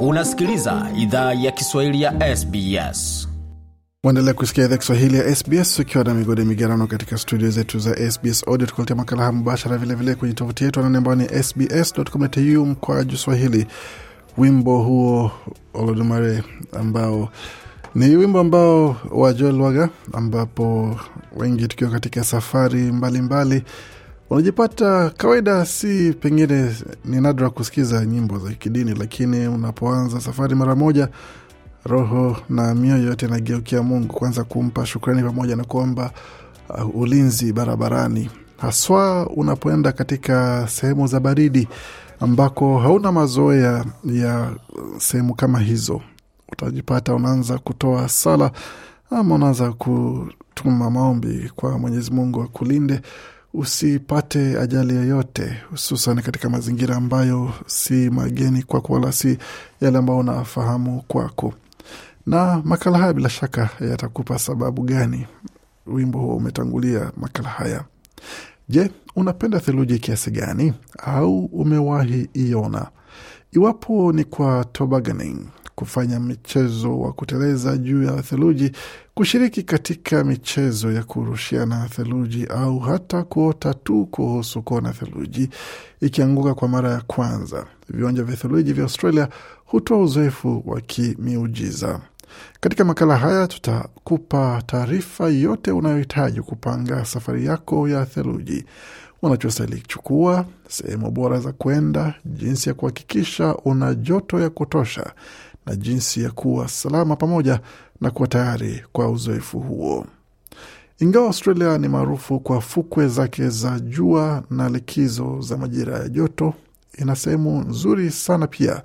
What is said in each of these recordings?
Unasikiliza idhaa ya Kiswahili ya SBS. Waendelea kusikia idhaa Kiswahili ya SBS ukiwa na migode migerano katika studio zetu za SBS Audio, tukuletia makala haya mubashara, vilevile kwenye tovuti yetu anaone ambao ni sbs.com.au juu swahili. Wimbo huo Olodumare ambao ni wimbo ambao wa Joel Waga, ambapo wengi tukiwa katika safari mbalimbali mbali, unajipata kawaida, si pengine ni nadra kusikiza nyimbo za kidini, lakini unapoanza safari mara moja roho na mioyo yote inageukia Mungu, kwanza kumpa shukrani pamoja na kuomba uh, ulinzi barabarani, haswa unapoenda katika sehemu za baridi ambako hauna mazoea ya sehemu kama hizo. Utajipata unaanza kutoa sala ama unaanza kutuma maombi kwa Mwenyezi Mungu akulinde usipate ajali yoyote, hususan katika mazingira ambayo si mageni kwako wala si yale ambayo unafahamu kwako. Na makala haya bila shaka yatakupa sababu gani wimbo huo umetangulia makala haya. Je, unapenda theluji kiasi gani au umewahi iona? Iwapo ni kwa tobaganing, kufanya mchezo wa kuteleza juu ya theluji, kushiriki katika michezo ya kurushiana theluji au hata kuota tu kuhusu kuona theluji ikianguka kwa mara ya kwanza. Viwanja vya theluji vya Australia hutoa uzoefu wa kimiujiza. Katika makala haya tutakupa taarifa yote unayohitaji kupanga safari yako ya theluji, unachostahili kuchukua, sehemu bora za kwenda, jinsi ya kuhakikisha una joto ya kutosha na jinsi ya kuwa salama pamoja na kuwa tayari kwa uzoefu huo. Ingawa Australia ni maarufu kwa fukwe zake za jua na likizo za majira ya joto, ina sehemu nzuri sana pia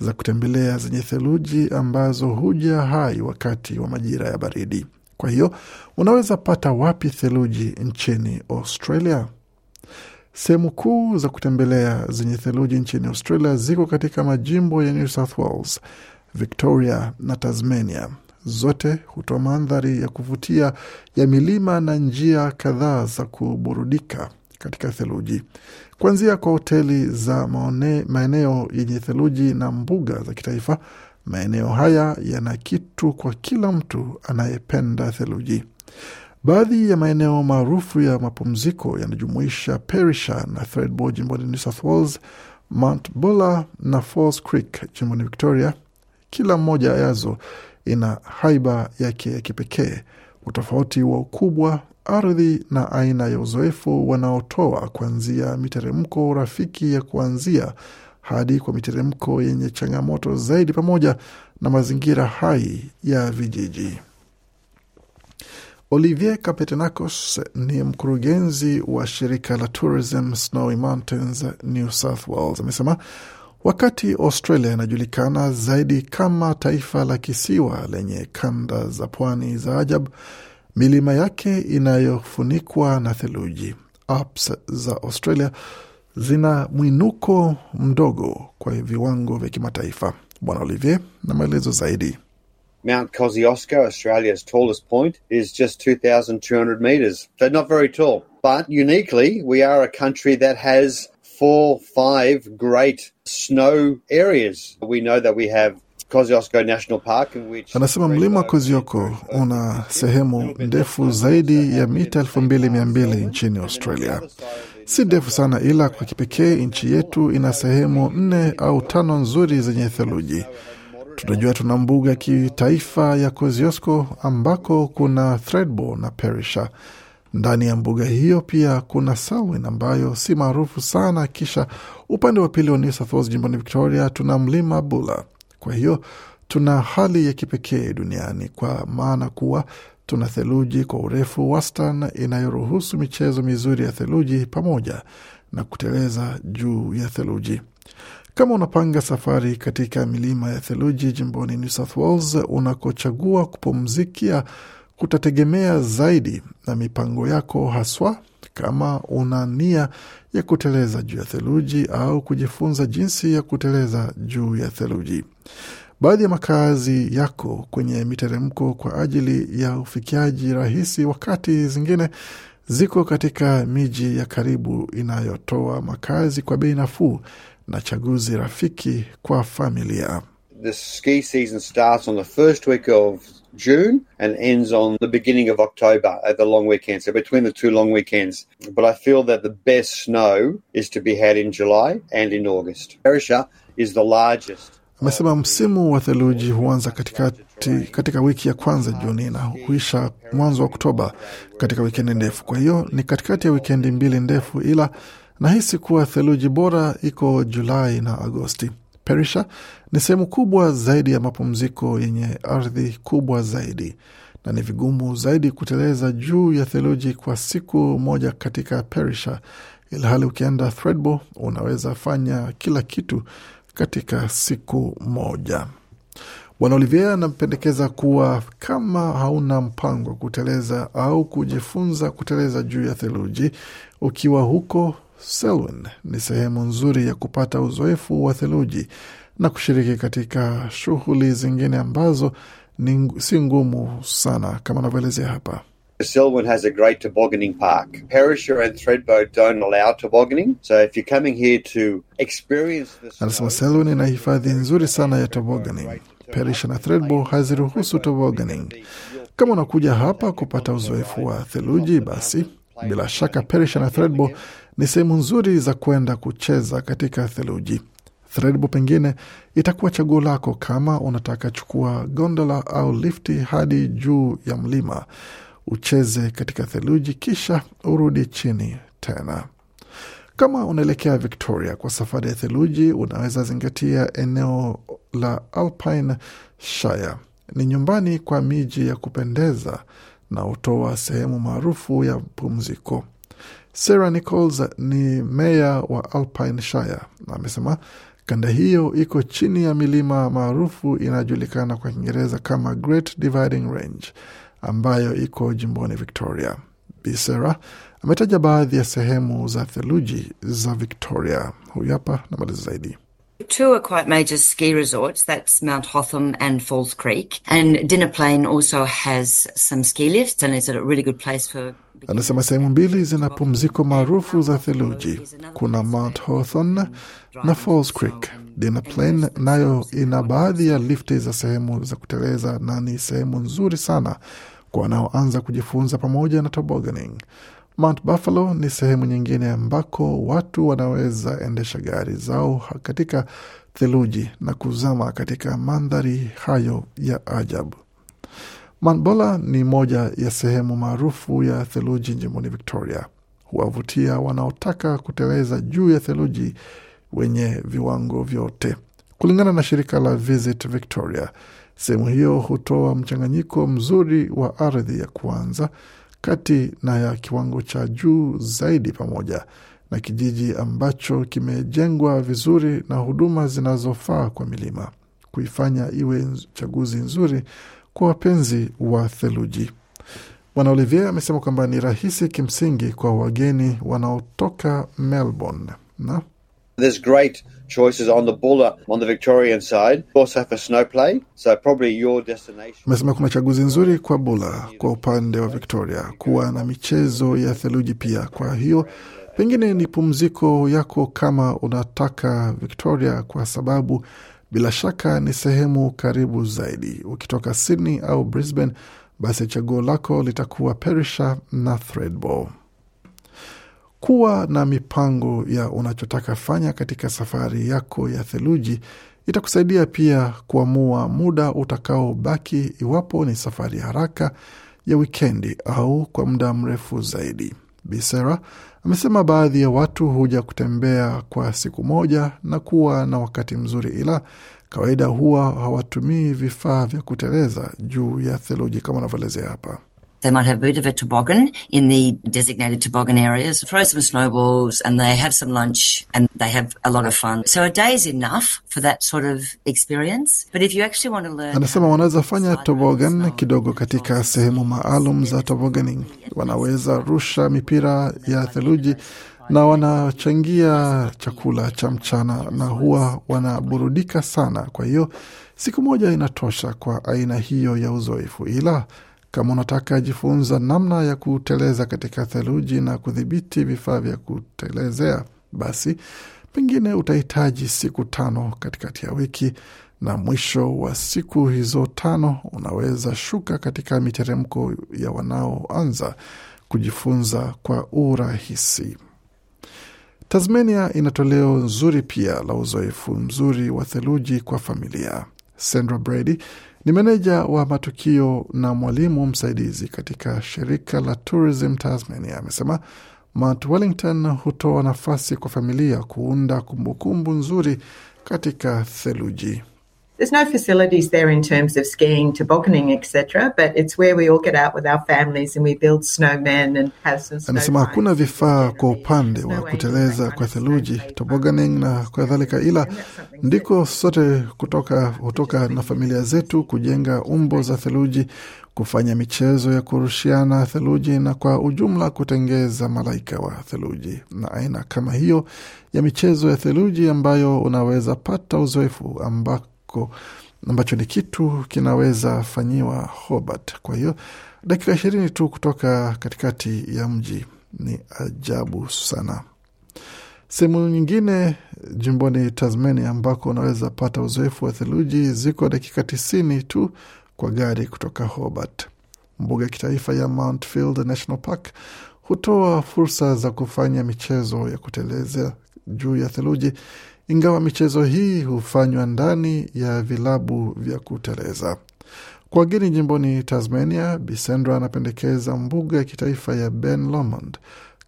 za kutembelea zenye theluji ambazo huja hai wakati wa majira ya baridi. Kwa hiyo unaweza pata wapi theluji nchini Australia? Sehemu kuu za kutembelea zenye theluji nchini Australia ziko katika majimbo ya New South Wales Victoria na Tasmania. Zote hutoa mandhari ya kuvutia ya milima na njia kadhaa za kuburudika katika theluji, kuanzia kwa hoteli za maone, maeneo yenye theluji na mbuga za kitaifa. Maeneo haya yana kitu kwa kila mtu anayependa theluji. Baadhi ya maeneo maarufu ya mapumziko yanajumuisha Perisha na Thredbo jimboni New South Wales, Mount Buller na Falls Creek jimboni Victoria, kila mmoja yazo ina haiba yake ya kipekee, utofauti wa ukubwa, ardhi na aina ya uzoefu wanaotoa, kuanzia miteremko rafiki ya kuanzia hadi kwa miteremko yenye changamoto zaidi, pamoja na mazingira hai ya vijiji. Olivier Capetenacos ni mkurugenzi wa shirika la Tourism Snowy Mountains New South Wales, amesema Wakati Australia inajulikana zaidi kama taifa la kisiwa lenye kanda za pwani za ajabu, milima yake inayofunikwa na theluji, Alps za Australia zina mwinuko mdogo kwa viwango vya kimataifa. Bwana Olivier na maelezo zaidi. Mount Kosciuszko, Australia's tallest point, is just 2,200 meters. not very tall. But uniquely, we are a country that has four, five great snow areas. We know that we have Kosciuszko National Park in which... Anasema mlima Kosciuszko una sehemu ndefu zaidi ya mita 2200 nchini Australia. Si ndefu sana, ila kwa kipekee nchi yetu ina sehemu nne au tano nzuri zenye theluji. Tunajua tuna mbuga kitaifa ya Kosciuszko ambako kuna Thredbo na Perisher ndani ya mbuga hiyo pia kuna Selwyn ambayo si maarufu sana, kisha upande wa pili wa New South Wales jimboni Victoria tuna mlima Bula. Kwa hiyo tuna hali ya kipekee duniani kwa maana kuwa tuna theluji kwa urefu wastan inayoruhusu michezo mizuri ya theluji pamoja na kuteleza juu ya theluji. Kama unapanga safari katika milima ya theluji jimboni New South Wales, unakochagua kupumzikia kutategemea zaidi na mipango yako haswa kama una nia ya kuteleza juu ya theluji au kujifunza jinsi ya kuteleza juu ya theluji. Baadhi ya makazi yako kwenye miteremko kwa ajili ya ufikiaji rahisi, wakati zingine ziko katika miji ya karibu inayotoa makazi kwa bei nafuu na chaguzi rafiki kwa familia. The ski season starts on the first week of June and ends on the beginning of October at the long weekend. So between the two long weekends. But I feel that the best snow is to be had in July and in August. Perisher is the largest. Amesema msimu wa theluji huanza katikati, katika wiki ya kwanza Juni na huisha mwanzo wa Oktoba katika wikendi ndefu. Kwa hiyo ni katikati ya wikendi mbili ndefu, ila nahisi kuwa theluji bora iko Julai na Agosti. Perisha ni sehemu kubwa zaidi ya mapumziko yenye ardhi kubwa zaidi na ni vigumu zaidi kuteleza juu ya theluji kwa siku moja katika Perisha, ilhali ukienda Thredbo unaweza fanya kila kitu katika siku moja. Bwana Olivier anapendekeza kuwa kama hauna mpango wa kuteleza au kujifunza kuteleza juu ya theluji ukiwa huko, Selwyn ni sehemu nzuri ya kupata uzoefu wa theluji na kushiriki katika shughuli zingine ambazo ni si ngumu sana kama anavyoelezea hapa. So Anasema Selwyn ina hifadhi nzuri sana ya tobogganing. Perisher na Thredbo haziruhusu tobogganing. Kama unakuja hapa kupata uzoefu wa theluji, basi bila shaka Perisher na Thredbo ni sehemu nzuri za kwenda kucheza katika theluji. Thredbo pengine itakuwa chaguo lako kama unataka chukua gondola au lifti hadi juu ya mlima ucheze katika theluji, kisha urudi chini tena. Kama unaelekea Victoria kwa safari ya theluji, unaweza zingatia eneo la Alpine Shire. Ni nyumbani kwa miji ya kupendeza na hutoa sehemu maarufu ya pumziko. Sarah Nichols ni meya wa Alpine Shire na amesema kanda hiyo iko chini ya milima maarufu inayojulikana kwa Kiingereza kama Great Dividing Range ambayo iko jimboni Victoria. Bisera ametaja baadhi ya sehemu za theluji za Victoria. Huyu hapa na maelezo zaidi. Two are quite major ski resorts. That's Mount Hotham and Falls Creek. And Dinner Plain also has some ski lifts and is a really good place for Anasema sehemu mbili zina pumziko maarufu za theluji. Kuna Mount Hawthorne na Falls Creek. Dina Plain nayo ina baadhi ya lifti za sehemu za kuteleza na ni sehemu nzuri sana kwa wanaoanza kujifunza, pamoja na tobogganing. Mount Buffalo ni sehemu nyingine ambako watu wanaweza endesha gari zao katika theluji na kuzama katika mandhari hayo ya ajabu. Manbola ni moja ya sehemu maarufu ya theluji jimboni Victoria. Huwavutia wanaotaka kuteleza juu ya theluji wenye viwango vyote. Kulingana na shirika la Visit Victoria, sehemu hiyo hutoa mchanganyiko mzuri wa ardhi ya kuanza, kati na ya kiwango cha juu zaidi, pamoja na kijiji ambacho kimejengwa vizuri na huduma zinazofaa kwa milima, kuifanya iwe chaguzi nzuri kwa wapenzi wa theluji. Bwana Olivier amesema kwamba ni rahisi kimsingi kwa wageni wanaotoka Melbourne na There's great choices on the Buller on the Victorian side. also so probably your destination. Amesema kuna chaguzi nzuri kwa Buller kwa upande wa Victoria, kuwa na michezo ya theluji pia. Kwa hiyo pengine ni pumziko yako kama unataka Victoria, kwa sababu bila shaka ni sehemu karibu zaidi. Ukitoka Sydney au Brisbane, basi chaguo lako litakuwa Perisha na Thredbo. Kuwa na mipango ya unachotaka fanya katika safari yako ya theluji itakusaidia pia kuamua muda utakaobaki, iwapo ni safari haraka ya wikendi au kwa muda mrefu zaidi. Bisera amesema baadhi ya watu huja kutembea kwa siku moja na kuwa na wakati mzuri, ila kawaida huwa hawatumii vifaa vya kuteleza juu ya theluji kama anavyoelezea hapa. They might have a bit of a toboggan in the designated toboggan areas, throw some snowballs, and they have some lunch and they have a lot of fun. So a day is enough for that sort of experience. But if you actually want to learn, anasema wanaweza fanya toboggan kidogo katika sehemu maalum za tobogganing. Wanaweza rusha mipira ya theluji na wanachangia chakula cha mchana na huwa wanaburudika sana. Kwa hiyo siku moja inatosha kwa aina hiyo ya uzoefu, ila kama unataka jifunza namna ya kuteleza katika theluji na kudhibiti vifaa vya kutelezea, basi pengine utahitaji siku tano katikati ya wiki, na mwisho wa siku hizo tano unaweza shuka katika miteremko ya wanaoanza kujifunza kwa urahisi. Tasmania ina toleo nzuri pia la uzoefu mzuri wa theluji kwa familia. Sandra Brady ni meneja wa matukio na mwalimu msaidizi katika shirika la Tourism Tasmania. Amesema Mount Wellington hutoa nafasi kwa familia kuunda kumbukumbu nzuri katika theluji. There's no facilities there in terms of skiing, tobogganing, etc., but it's where we all get out with our families and we build snowmen and have some snow. Anasema hakuna vifaa kwa upande wa kuteleza kwa theluji, tobogganing na kadhalika, ila ndiko sote kutoka hutoka na familia zetu kujenga umbo za theluji, kufanya michezo ya kurushiana theluji na kwa ujumla kutengeza malaika wa theluji na aina kama hiyo ya michezo ya theluji ambayo unaweza pata uzoefu ambako yako ambacho ni kitu kinaweza fanyiwa Hobart. Kwa hiyo dakika ishirini tu kutoka katikati ya mji, ni ajabu sana. Sehemu nyingine jimboni Tasmania ambako unaweza pata uzoefu wa theluji ziko dakika tisini tu kwa gari kutoka Hobart. Mbuga ya kitaifa ya Mount Field National Park hutoa fursa za kufanya michezo ya kutelezea juu ya theluji ingawa michezo hii hufanywa ndani ya vilabu vya kuteleza. Kwa gini jimboni Tasmania, Bisendra anapendekeza mbuga ya kitaifa ya Ben Lomond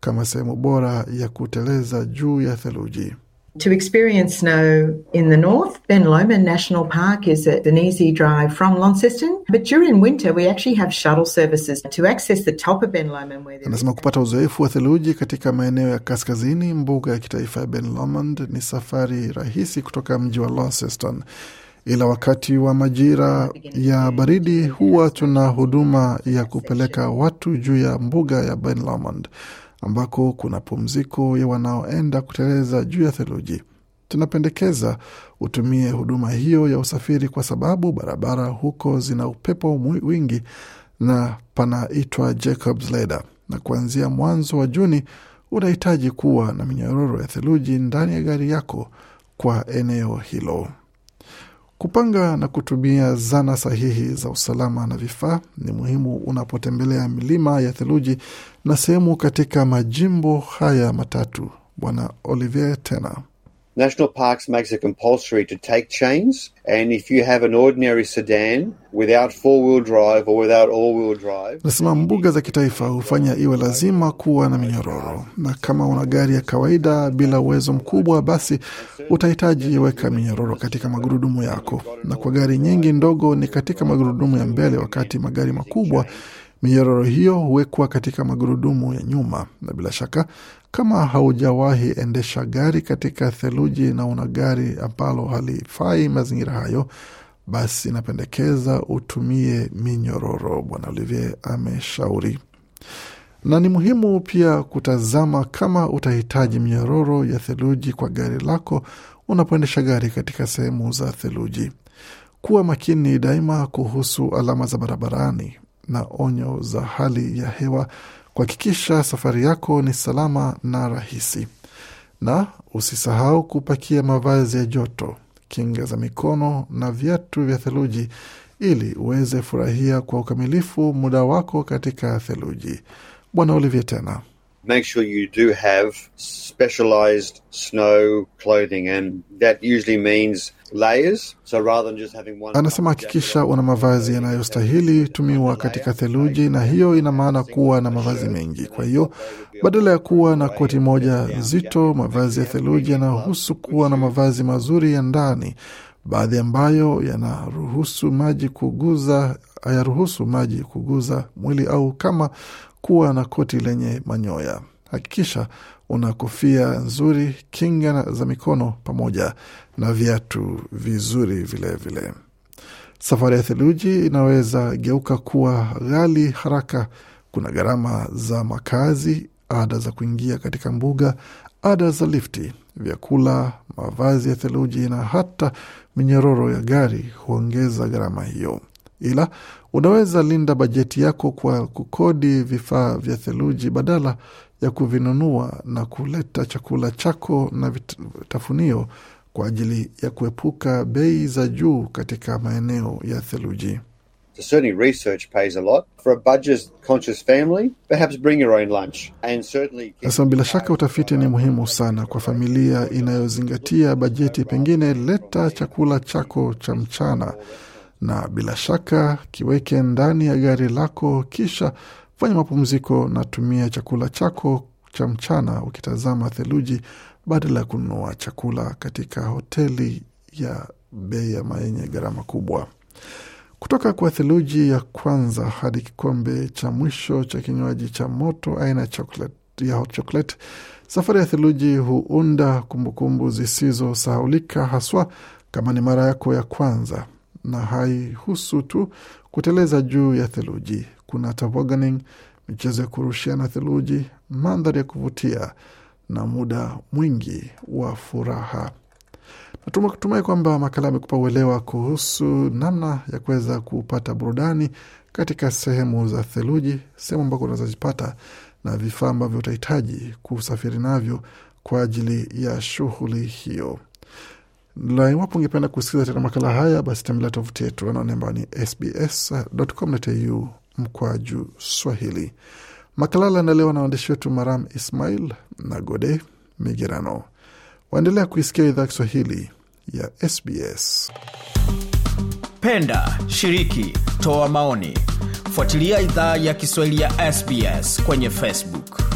kama sehemu bora ya kuteleza juu ya theluji. To experience snow in the north, Ben Lomond National Park is an easy drive from Launceston, but during winter we actually have shuttle services to access the top of Ben Lomond. Where anasema kupata uzoefu wa theluji katika maeneo ya kaskazini, mbuga ya kitaifa ya Ben Lomond ni safari rahisi kutoka mji wa Launceston ila wakati wa majira ya baridi huwa tuna huduma ya kupeleka watu juu ya mbuga ya Ben Lomond ambako kuna pumziko ya wanaoenda kuteleza juu ya theluji. Tunapendekeza utumie huduma hiyo ya usafiri kwa sababu barabara huko zina upepo wingi na panaitwa Jacob's Ladder, na kuanzia mwanzo wa Juni unahitaji kuwa na minyororo ya theluji ndani ya gari yako kwa eneo hilo. Kupanga na kutumia zana sahihi za usalama na vifaa ni muhimu unapotembelea milima ya theluji na sehemu katika majimbo haya matatu. Bwana Olivier Tena National Parks makes it compulsory to take chains, and if you have an ordinary sedan without four-wheel drive or without all-wheel drive. Nasema mbuga za kitaifa hufanya iwe lazima kuwa na minyororo, na kama una gari ya kawaida bila uwezo mkubwa, basi utahitaji weka minyororo katika magurudumu yako, na kwa gari nyingi ndogo ni katika magurudumu ya mbele, wakati magari makubwa Minyororo hiyo huwekwa katika magurudumu ya nyuma, na bila shaka, kama haujawahi endesha gari katika theluji na una gari ambalo halifai mazingira hayo, basi inapendekeza utumie minyororo, Bwana Olivier ameshauri. Na ni muhimu pia kutazama kama utahitaji minyororo ya theluji kwa gari lako unapoendesha gari katika sehemu za theluji. Kuwa makini daima kuhusu alama za barabarani na onyo za hali ya hewa kuhakikisha safari yako ni salama na rahisi. Na usisahau kupakia mavazi ya joto, kinga za mikono na viatu vya theluji ili uweze furahia kwa ukamilifu muda wako katika theluji. Bwana olivie tena make sure you do have specialized snow clothing, and that usually means layers. So rather than just having one, anasema hakikisha una mavazi yanayostahili tumiwa katika theluji, na hiyo ina maana kuwa na mavazi mengi. Kwa hiyo badala ya kuwa na koti moja nzito, mavazi ya theluji yanahusu kuwa na mavazi mazuri ya ndani baadhi ambayo yanaruhusu maji kuguza hayaruhusu maji kuguza mwili au kama kuwa na koti lenye manyoya. Hakikisha una kofia nzuri, kinga za mikono pamoja na viatu vizuri vilevile vile. Safari ya theluji inaweza geuka kuwa ghali haraka. Kuna gharama za makazi, ada za kuingia katika mbuga, ada za lifti, vyakula, mavazi ya theluji na hata minyororo ya gari huongeza gharama hiyo ila unaweza linda bajeti yako kwa kukodi vifaa vya theluji badala ya kuvinunua na kuleta chakula chako na vitafunio kwa ajili ya kuepuka bei za juu katika maeneo ya theluji. Sasa bila shaka utafiti ni muhimu sana kwa familia inayozingatia bajeti, pengine leta chakula chako cha mchana na bila shaka kiweke ndani ya gari lako, kisha fanya mapumziko na tumia chakula chako cha mchana ukitazama theluji badala ya kununua chakula katika hoteli ya bei ama yenye gharama kubwa. Kutoka kwa theluji ya kwanza hadi kikombe cha mwisho cha kinywaji cha moto aina chocolate, ya hot chocolate, safari ya theluji huunda kumbukumbu zisizosahaulika, haswa kama ni mara yako ya kwanza na haihusu tu kuteleza juu ya theluji. Kuna tobogganing, michezo ya kurushiana theluji, mandhari ya kuvutia na muda mwingi wa furaha. Natumai kwamba makala amekupa uelewa kuhusu namna ya kuweza kupata burudani katika sehemu za theluji, sehemu ambako unawezazipata na vifaa ambavyo utahitaji kusafiri navyo kwa ajili ya shughuli hiyo na iwapo ungependa kusikiza tena makala haya, basi tembelea tovuti yetu anaone ambayo ni sbs.com.au mkwaju Swahili. Makala yaliandaliwa na waandishi wetu Maram Ismail na Gode Migerano. Waendelea kuisikia idhaa Kiswahili ya SBS. Penda, shiriki, toa maoni, fuatilia idhaa ya Kiswahili ya SBS kwenye Facebook.